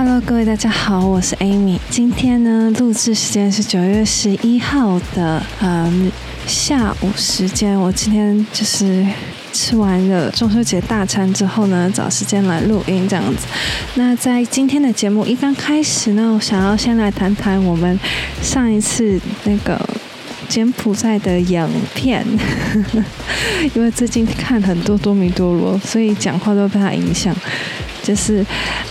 Hello，各位大家好，我是 Amy。今天呢，錄製時間是九月十一號的、嗯、下午時間。我今天就是吃完了中秋節大餐之後呢，找時間來錄音這樣子。那在今天的節目一剛開始呢，我想要先來談談我們上一次那個柬埔寨的影片， 因為最近看很多多米多羅，所以講話都會被他影響。就是，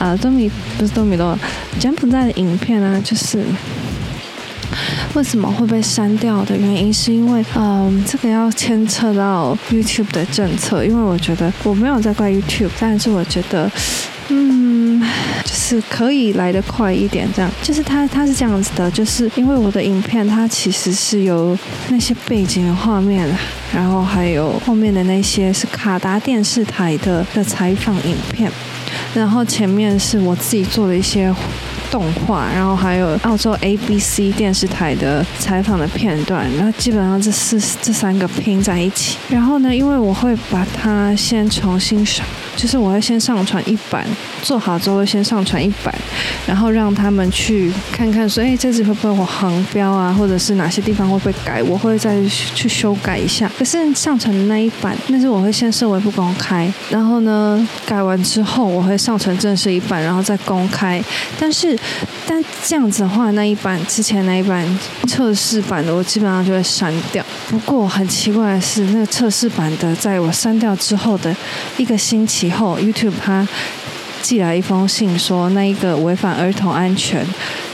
呃，多米不是多米諾，柬埔寨的影片啊，就是為什麼會被刪掉的原因，是因為，嗯、呃，這個要牽扯到 YouTube 的政策。因為我覺得我沒有在怪 YouTube，但是我覺得，嗯，就是可以來得快一點，這樣。就是它它是這樣子的，就是因為我的影片它其實是有那些背景的畫面，然後還有後面的那些是卡達電視台的的採訪影片。然後前面是我自己做的一些動畫，然後還有澳洲 ABC 電視台的採訪的片段，然後基本上這四這三個拼在一起。然後呢，因為我會把它先重新上，就是我會先上傳一版。做好之後，先上傳一版，然後讓他們去看看說，說、欸、以這次會不會我航標啊，或者是哪些地方會不會改，我會再去修改一下。可是，上傳的那一版，那是我會先設為不公開，然後呢，改完之後我會上傳正式一版，然後再公開。但是，但這樣子的話，那一版之前那一版測試版的，我基本上就會刪掉。不過很奇怪的是，那個測試版的，在我刪掉之後的一個星期後，YouTube 它。寄來一封信說，說那一個違反兒童安全。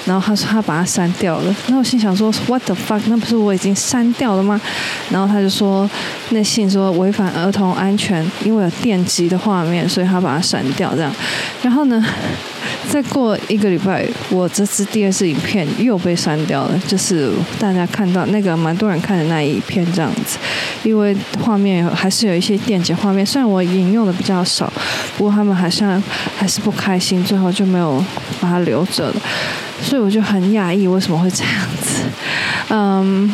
然後他說他把它刪掉了，那我心想說 What the fuck？那不是我已經刪掉了嗎？然後他就說那信說違反兒童安全，因為有電擊的畫面，所以他把它刪掉這樣。然後呢，再過一個禮拜，我這次第二次影片又被刪掉了，就是大家看到那個蠻多人看的那一片這樣子，因為畫面還是有一些電擊畫面，雖然我引用的比較少，不過他們好像還是不開心，最後就沒有把它留着了。所以我就很訝異，為什麼會這樣子？嗯，um，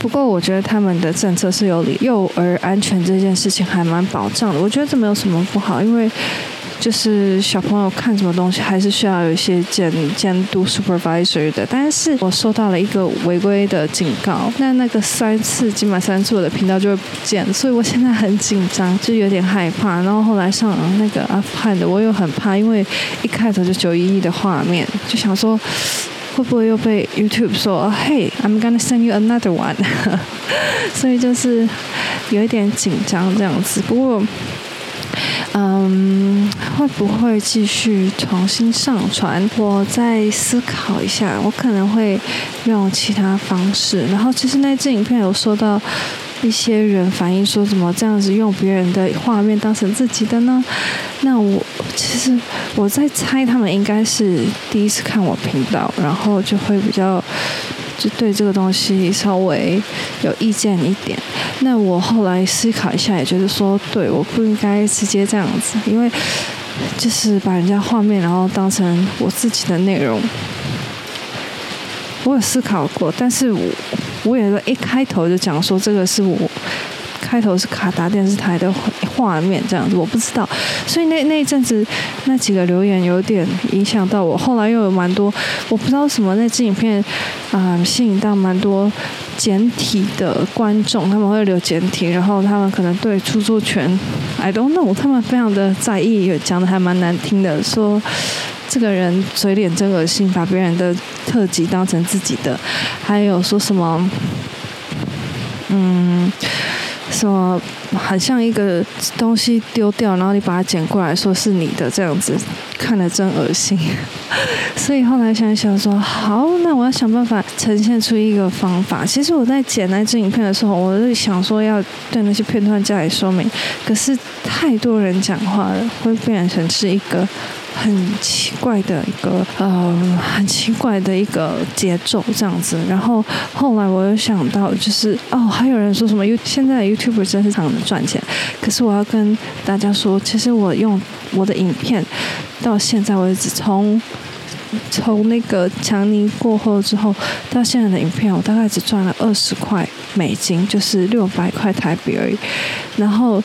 不過我覺得他們的政策是有理，幼兒安全這件事情還蠻保障的。我覺得這沒有什麼不好，因為。就是小朋友看什麼東西，還是需要有一些監監督 supervisor 的。但是我收到了一個違規的警告，那那個三次，起碼三次，我的頻道就會不見。所以我現在很緊張，就有點害怕。然後後來上那個阿富汗的，我又很怕，因為一開頭就九一一的畫面，就想說會不會又被 YouTube 說，oh, Hey，I'm gonna send you another one。 所以就是有一點緊張這樣子。不過。嗯，會不會繼續重新上傳？我再思考一下，我可能會用其他方式。然後，其實那支影片有說到一些人反映，說什麼這樣子用別人的畫面當成自己的呢？那我其實我在猜，他們應該是第一次看我頻道，然後就會比較。就對這個東西稍微有意見一點。那我後來思考一下，也就是說，對，我不應該直接這樣子，因為就是把人家畫面，然後當成我自己的內容。我有思考過，但是我我也是一開頭就講說，這個是我。開頭是卡達電視台的畫面，這樣子我不知道，所以那那一陣子那幾個留言有點影響到我。後來又有蠻多，我不知道什麼那支影片啊、呃、吸引到蠻多簡體的觀眾，他們會留簡體，然後他們可能對著作權，I don't know，他們非常的在意，也講的還蠻難聽的，說這個人嘴臉真噁心，把別人的特輯當成自己的，還有說什麼嗯。說很像一個東西丟掉，然後你把它撿過來說是你的這樣子，看了真噁心。所以後來想想說，好，那我要想辦法呈現出一個方法。其實我在剪那支影片的時候，我就想說要對那些片段加以說明，可是太多人講話了，會變成是一個。很奇怪的一個呃，很奇怪的一個節奏這樣子。然後後來我又想到，就是哦，還有人說什麼因為現在 YouTuber 真的是很賺錢。可是我要跟大家說，其實我用我的影片到現在為止，從從那個強尼過後之後到現在的影片，我大概只賺了二十塊美金，就是六百塊台幣而已。然後。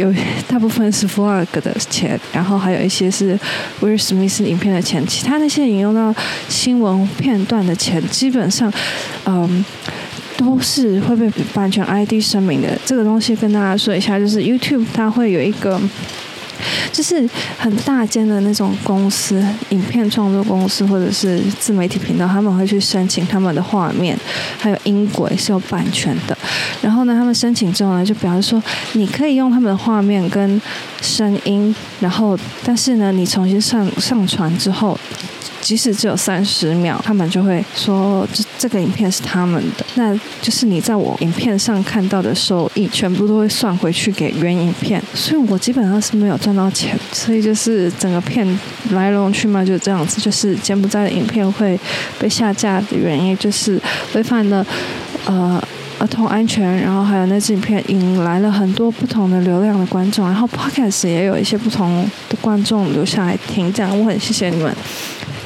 有大部分是 Vlog 的錢，然後還有一些是 Will Smith 影片的錢，其他那些引用到新聞片段的錢，基本上，嗯，都是會被版權 ID 聲明的。這個東西跟大家說一下，就是 YouTube 它會有一個。就是很大間的那種公司，影片創作公司或者是自媒體頻道，他們會去申請他們的畫面還有音軌是有版權的。然後呢，他們申請之後呢，就表示說你可以用他們的畫面跟聲音，然後但是呢，你重新上上傳之後。即使只有三十秒，他們就會說這這個影片是他們的，那就是你在我影片上看到的收益，全部都會算回去給原影片，所以我基本上是沒有賺到錢，所以就是整個片來龍去脈就這樣子，就是柬不在的影片會被下架的原因，就是違反了呃兒童安全，然後還有那支影片引來了很多不同的流量的觀眾，然後 Podcast 也有一些不同的觀眾留下來聽，這樣我很謝謝你們。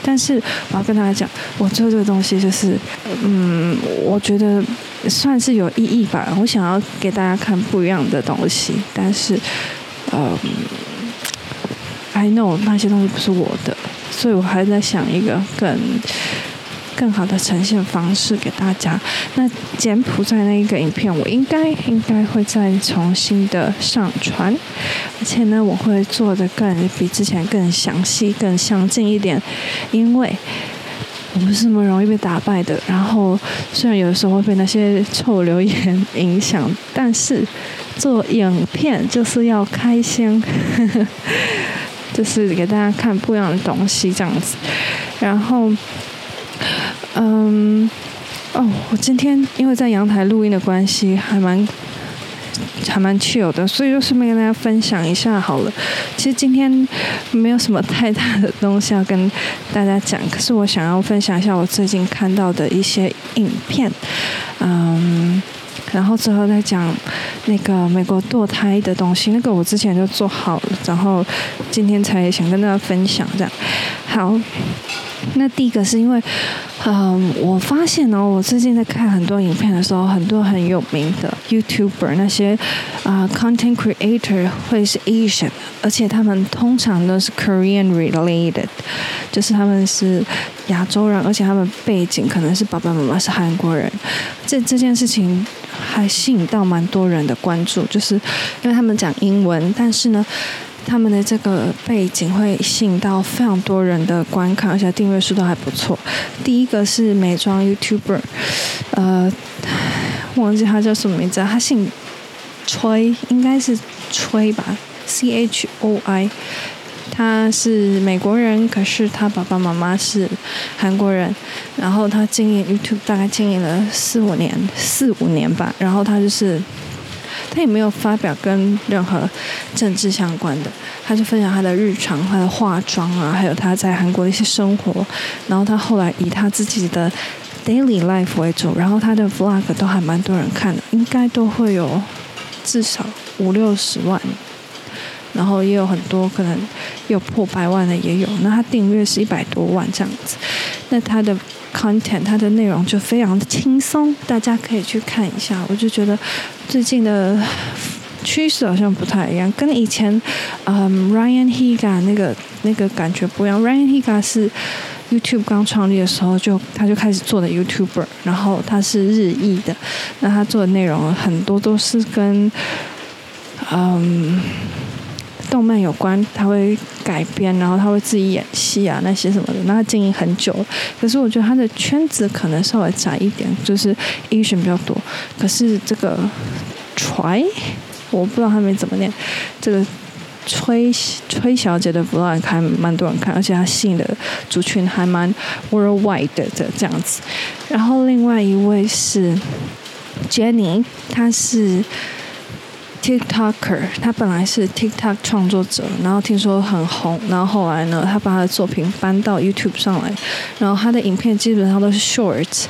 但是我要跟大家講，我做這個東西就是，嗯，我覺得算是有意義吧。我想要給大家看不一樣的東西，但是，嗯，呃，I know 那些東西不是我的，所以我還在想一個更，更好的呈現方式給大家。那柬埔寨那一個影片，我應該應該會再重新的上傳，而且呢，我會做的更比之前更詳細，更詳盡一點。因為我不是那麼容易被打敗的。然後雖然有的時候會被那些臭留言影響，但是做影片就是要開心， 就是給大家看不一樣的東西這樣子。然後。嗯，哦，um, oh, 我今天因為在陽台錄音的關係還，還蠻還蠻 chill 的，所以就順便跟大家分享一下好了。其實今天沒有什麼太大的東西要跟大家講，可是我想要分享一下我最近看到的一些影片。嗯，um，然後之後再講那個美國墮胎的東西，那個我之前就做好了，然後今天才想跟大家分享這樣。好。那第一個是因為，嗯、呃，我發現哦、喔，我最近在看很多影片的時候，很多很有名的 YouTuber 那些啊、呃，content creator 會是 Asian，而且他們通常都是 Korean related，就是他們是亞洲人，而且他們背景可能是爸爸媽媽是韓國人。這這件事情還吸引到蠻多人的關注，就是因為他們講英文，但是呢。他們的這個背景會吸引到非常多人的觀看，而且訂閱數都還不錯。第一個是美妝 Youtuber，呃，忘記他叫什麼名字，他姓崔，應該是崔吧，C H O I。他是美國人，可是他爸爸媽媽是韓國人。然後他經營 YouTube 大概經營了四五年，四五年吧。然後他就是。他也沒有發表跟任何政治相關的，他就分享他的日常、他的化妝啊，還有他在韓國的一些生活。然後他後來以他自己的 daily life 為主，然後他的 vlog 都還蠻多人看的，應該都會有至少五六十萬，然後也有很多可能有破百萬的也有。那他訂閱是一百多萬這樣子，那他的。Content，它的內容就非常的輕鬆，大家可以去看一下。我就覺得最近的趨勢好像不太一樣，跟以前，嗯、um,，Ryan Higa 那個那個感覺不一樣。Ryan Higa 是 YouTube 剛創立的時候就他就開始做的 YouTuber，然後他是日裔的，那他做的內容很多都是跟，嗯、um,。動漫有關，他會改編，然後他會自己演戲啊，那些什麼的，那他經營很久，可是我覺得他的圈子可能稍微窄一點，就是 Asian 比較多。可是這個 Choi，我不知道他們怎麼念，這個崔崔小姐的 Vlog 還蠻多人看，而且她吸引的族群還蠻 Worldwide 的，的這樣子。然後另外一位是 Jeenie，她是。TikToker，他本來是 TikTok 創作者，然後聽說很紅，然後後來呢，他把他的作品搬到 YouTube 上來，然後他的影片基本上都是 shorts，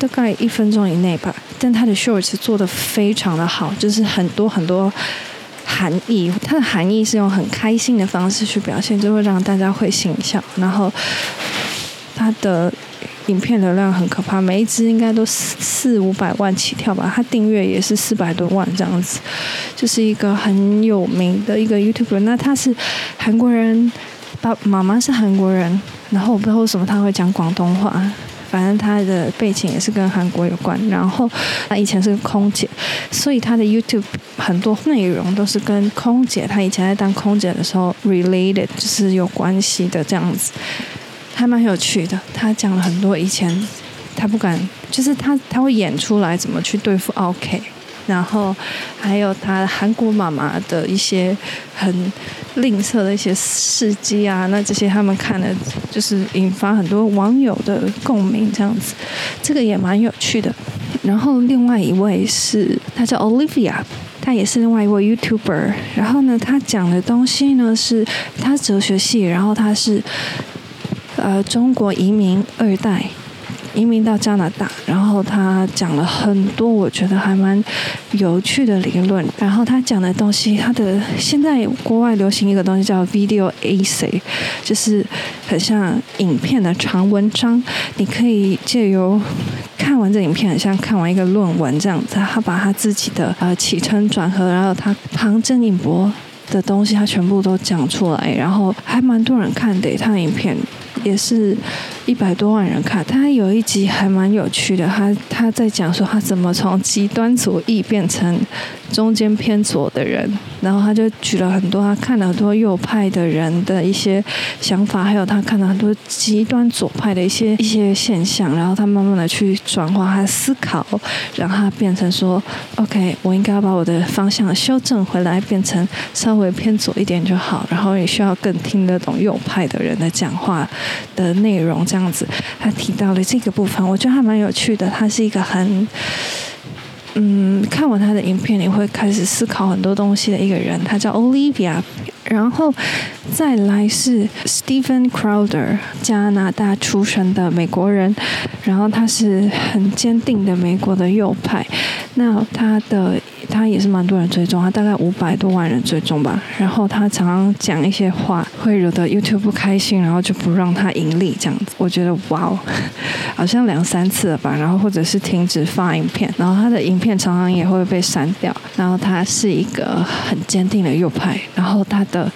大概一分鐘以內吧。但他的 shorts 做的非常的好，就是很多很多含義，他的含義是用很開心的方式去表現，就會讓大家會心一笑。然後他的。影片流量很可怕，每一支應該都四四五百萬起跳吧。他訂閱也是四百多萬這樣子，就是一個很有名的一個 YouTuber。那他是韓國人，爸爸媽媽是韓國人，然後我不知道為什麼他會講廣東話，反正他的背景也是跟韓國有關。然後他以前是空姐，所以他的 YouTube 很多內容都是跟空姐，他以前在當空姐的時候 related，就是有關係的這樣子。還蠻有趣的，他講了很多以前他不敢，就是他他會演出來怎麼去對付 OK，然後還有他韓國媽媽的一些很吝嗇的一些事蹟啊，那這些他們看的就是引發很多網友的共鳴，這樣子，這個也蠻有趣的。然後另外一位是，他叫 Olivia，他也是另外一位 YouTuber，然後呢，他講的東西呢是他哲學系，然後他是。呃，中國移民二代，移民到加拿大，然後他講了很多，我覺得還蠻有趣的理論。然後他講的東西，他的現在國外流行一個東西叫 video essay，就是很像影片的長文章，你可以借由看完這影片，很像看完一個論文這樣子。他把他自己的呃起承轉合，然後他旁徵引博。的東西他全部都講出來，然後還蠻多人看的，他的影片也是，一百多萬人看，他有一集還蠻有趣的，他他在講說他怎麼從極端左翼變成中間偏左的人，然後他就舉了很多他看了很多右派的人的一些想法，還有他看了很多極端左派的一些一些現象，然後他慢慢的去轉化他思考，讓他變成說，OK，我應該要把我的方向修正回來，變成稍微偏左一點就好，然後也需要更聽得懂右派的人的講話的內容。這樣子，他提到了這個部分，我覺得還蠻有趣的。他是一個很，嗯，看完他的影片，你會開始思考很多東西的一個人。他叫 Olivia，然後再來是 Steven Crowder，加拿大出生的美國人，然後他是很堅定的美國的右派。那他的。他也是蠻多人追蹤，他大概五百多萬人追蹤吧。然後他常常講一些話，會惹得 YouTube 不開心，然後就不讓他盈利這樣子。我覺得哇、wow，好像兩三次了吧。然後或者是停止發影片，然後他的影片常常也會被刪掉。然後他是一個很堅定的右派，然後他的。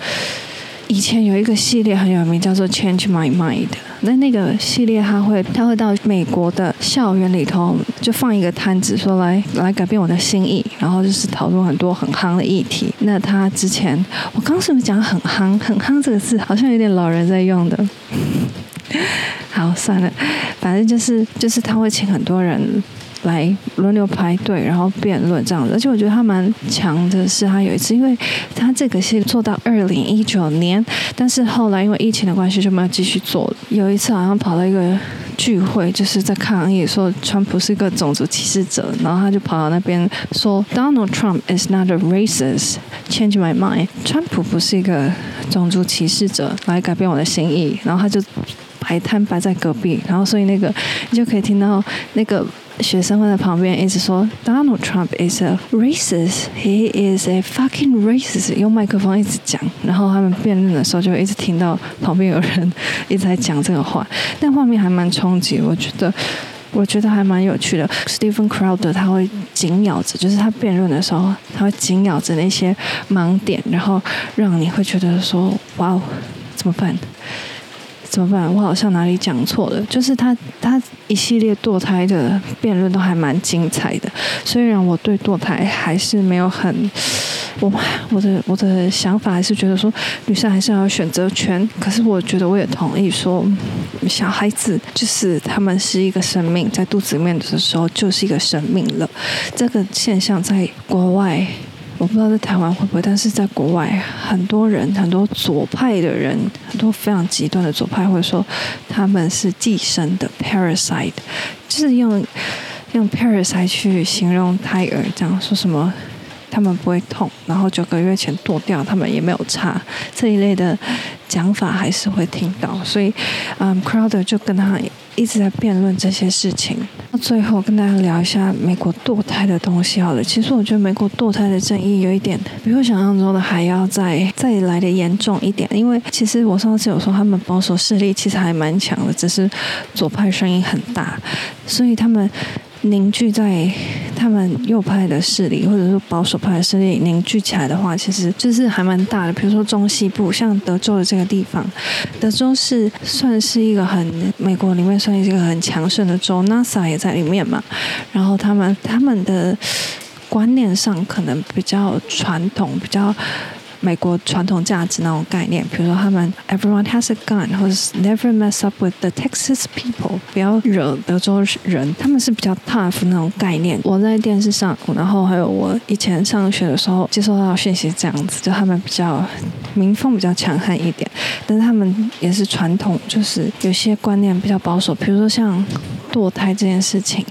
以前有一個系列很有名，叫做《Change My Mind》。那那個系列它會，他會他會到美國的校園裡頭，就放一個攤子，說來來改變我的心意，然後就是討論很多很夯的議題。那他之前，我剛是不是講很夯？很夯這個字好像有點老人在用的。 好，算了，反正就是就是他會請很多人。來輪流排隊，然後辯論這樣子。而且我覺得他蠻強的，是他有一次，因為他這個是做到二零一九年，但是後來因為疫情的關係就沒有繼續做。有一次好像跑到一個聚會，就是在抗議說川普是一個種族歧視者，然後他就跑到那邊說 Donald Trump is not a racist. Change my mind. 川普不是一個種族歧視者，來改變我的心意。然後他就。海灘擺在隔壁，然後所以那個你就可以聽到那個學生會在旁邊一直說 Donald Trump is a racist, he is a fucking racist，用麥克風一直講，然後他們辯論的時候就一直聽到旁邊有人一直在講這個話，但畫面還蠻衝擊，我覺得我覺得還蠻有趣的。Stephen Crowder 他會緊咬着，就是他辯論的時候他會緊咬着那些盲點，然後讓你會覺得說哇哦，怎麼辦？怎麼辦？我好像哪裡講錯了。就是他，他一系列墮胎的辯論都還蠻精彩的。雖然我對墮胎還是沒有很，我我的我的想法還是覺得說，女生還是要有選擇權。可是我覺得我也同意說，小孩子就是他們是一個生命，在肚子裡面的時候就是一個生命了。這個現象在國外。我不知道在台灣會不會，但是在國外，很多人，很多左派的人，很多非常極端的左派，或者說他們是寄生的 parasite，就是用用 parasite 去形容胎兒，這樣說什麼他們不會痛，然後九個月前墮掉，他們也沒有差，這一類的講法還是會聽到，所以嗯，um，Crowder 就跟他一直在辯論這些事情。最後跟大家聊一下美國墮胎的東西好了。其實我覺得美國墮胎的爭議有一點比我想象中的還要再再來得嚴重一點。因為其實我上次有說他們保守勢力其實還蠻強的，只是左派聲音很大，所以他們。凝聚在他們右派的勢力，或者說保守派的勢力凝聚起來的話，其實就是還蠻大的。比如說中西部，像德州的這個地方，德州是算是一個很美國裡面算是一個很強盛的州，NASA 也在裡面嘛。然後他們他們的觀念上可能比較傳統，比較。美國傳統價值那種概念，比如說他們 "everyone has a gun" 或者是 "never mess up with the Texas people"，不要惹德州人，他們是比較 tough 那種概念。我在電視上，然後還有我以前上學的時候接收到的訊息，這樣子，就他們比較民風比較強悍一點，但是他們也是傳統，就是有些觀念比較保守，比如說像墮胎這件事情，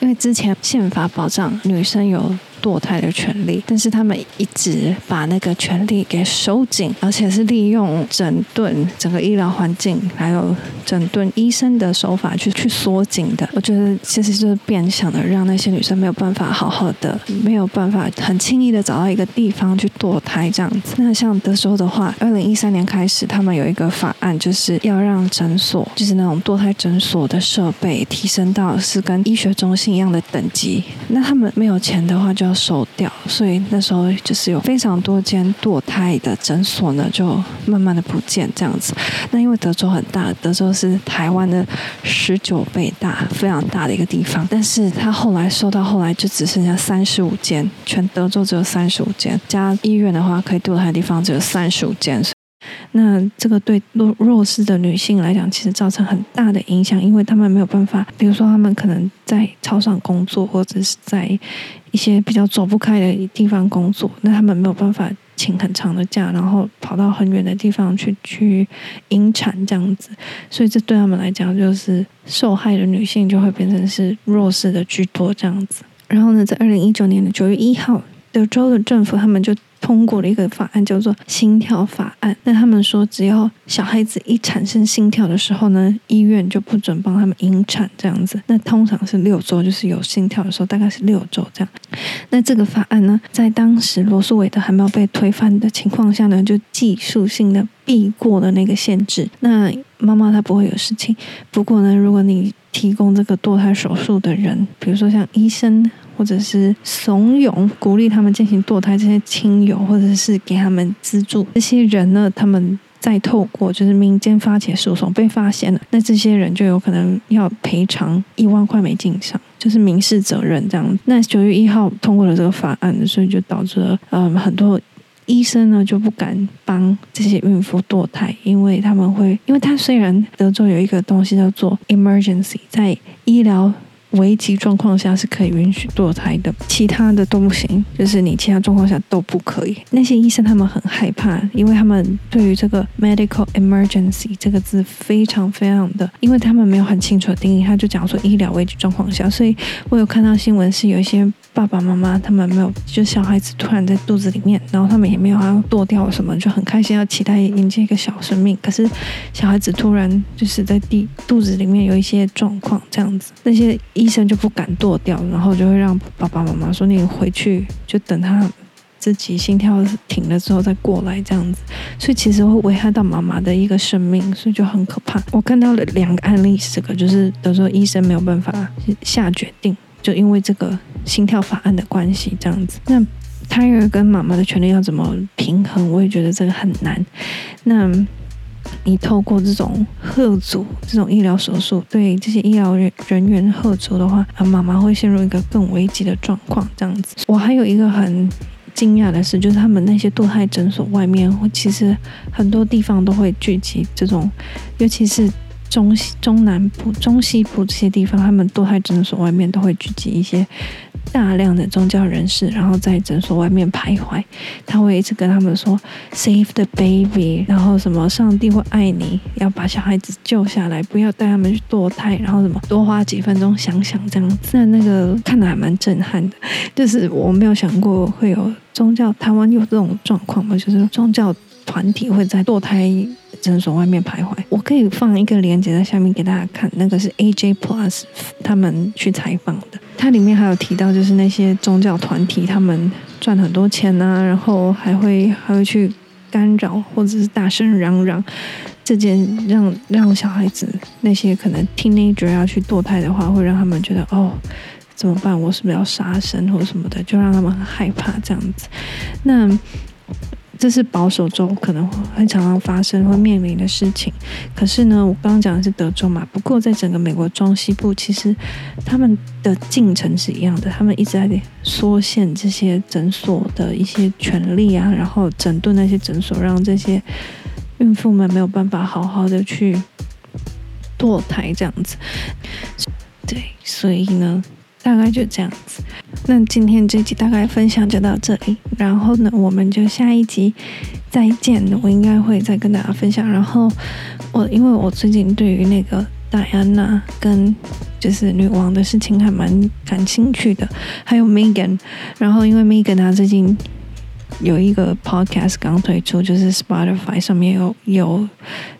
因為之前憲法保障女生有墮胎的權利，但是他們一直把那個權利給收緊，而且是利用整頓整個醫療環境，還有整頓醫生的手法去去縮緊的。我覺得其實就是變相的讓那些女生沒有辦法好好的，沒有辦法很輕易的找到一個地方去墮胎這樣子。那像德州的話，二零一三年開始，他們有一個法案，就是要讓診所，就是那種墮胎診所的設備提升到是跟醫學中心一樣的等級。那他們沒有錢的話，就要。收掉，所以那時候就是有非常多間墮胎的診所呢，就慢慢的不見這樣子。那因為德州很大，德州是台灣的十九倍大，非常大的一個地方。但是他後來收到後來就只剩下三十五間，全德州只有三十五間。加醫院的話，可以墮胎的地方只有三十五間。那這個對弱弱勢的女性來講，其實造成很大的影響，因為他們沒有辦法，比如說他們可能在超商工作，或者是在。一些比較走不開的地方工作，那他們沒有辦法請很長的假，然後跑到很遠的地方去去引產這樣子，所以這對他們來講就是受害的女性就會變成是弱勢的居多這樣子。然後呢，在二零一九年的九月一號，德州的政府，他們就通過了一個法案，叫做“心跳法案”。那他們說，只要小孩子一產生心跳的時候呢，醫院就不准幫他們引產這樣子。那通常是六周，就是有心跳的時候，大概是六周這樣。那這個法案呢，在當時羅訴韋德還沒有被推翻的情況下呢，就技術性的避過了那個限制。那媽媽她不會有事情。不過呢，如果你提供這個墮胎手術的人，比如說像醫生。或者是慫恿、鼓勵他們進行墮胎，這些親友或者是給他們資助，這些人呢，他們再透過就是民間發起訴訟被發現了，那這些人就有可能要賠償一萬塊美金上，就是民事責任這樣。那九月一號通過了這個法案，所以就導致了，嗯，很多醫生呢就不敢幫這些孕婦墮胎，因為他們會，因為他雖然德州有一個東西叫做 emergency，在醫療。危急狀況下是可以允許墮胎的，其他的都不行，就是你其他狀況下都不可以。那些醫生他們很害怕，因為他們對於這個 medical emergency 這個字非常非常的，因為他們沒有很清楚的定義，他就講了說醫療危機狀況下。所以我有看到新聞是有一些爸爸媽媽他們沒有，就小孩子突然在肚子裡面，然後他們也沒有要墮掉什麼，就很開心要期待迎接一個小生命。可是小孩子突然就是在地肚子裡面有一些狀況這樣子，那些醫。醫生就不敢墮掉，然後就會讓爸爸媽媽說：“你回去就等他自己心跳停了之後再過來。”這樣子，所以其實會危害到媽媽的一個生命，所以就很可怕。我看到了兩個案例，這個就是有時候醫生沒有辦法下決定，就因為這個心跳法案的關係，這樣子。那胎兒跟媽媽的權利要怎麼平衡？我也覺得這個很難。那。你透過這種嚇阻，這種醫療手術，對這些醫療人人員嚇阻的話，啊，媽媽會陷入一個更危急的狀況。這樣子，我還有一個很驚訝的事，就是他們那些墮胎診所外面，其實很多地方都會聚集這種，尤其是中西、中南部、中西部這些地方，他們墮胎診所外面都會聚集一些。大量的宗教人士，然後在診所外面徘徊，他會一直跟他們說 “save the baby”，然後什麼上帝會愛你，要把小孩子救下來，不要帶他們去墮胎，然後什麼多花幾分鐘想想這樣子。那那個看得還蠻震撼的，就是我沒有想過會有宗教，台灣有這種狀況嗎？就是宗教。團體會在墮胎診所外面徘徊。我可以放一個鏈接在下面給大家看，那個是 AJ Plus 他們去採訪的。它裡面還有提到，就是那些宗教團體他們賺很多錢吶、啊，然後還會還會去干擾或者是大聲嚷嚷，這件讓讓小孩子那些可能 teenager 要、啊、去墮胎的話，會讓他們覺得哦怎麼辦？我是不是要殺生或者什麼的？就讓他們很害怕這樣子。那。這是保守州可能會常常發生，會面臨的事情。可是呢，我剛剛講的是德州嘛。不過在整個美國中西部，其實他們的進程是一樣的。他們一直還在縮限這些診所的一些權利啊，然後整頓那些診所，讓這些孕婦們沒有辦法好好的去墮胎這樣子。對，所以呢。大概就這樣子，那今天這集大概分享就到這裡，然後呢，我們就下一集再見。我應該會再跟大家分享。然後我因為我最近對於那個戴安娜跟就是女王的事情還蠻感興趣的，還有 Megan，然後因為 Megan 她最近。有一個 podcast 剛推出，就是 Spotify 上面有有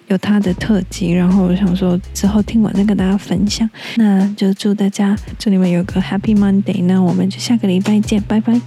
有他的特輯，然後我想說之後聽完再跟大家分享。那就祝大家，祝你們有個 Happy Monday，那我們就下個禮拜見，拜拜。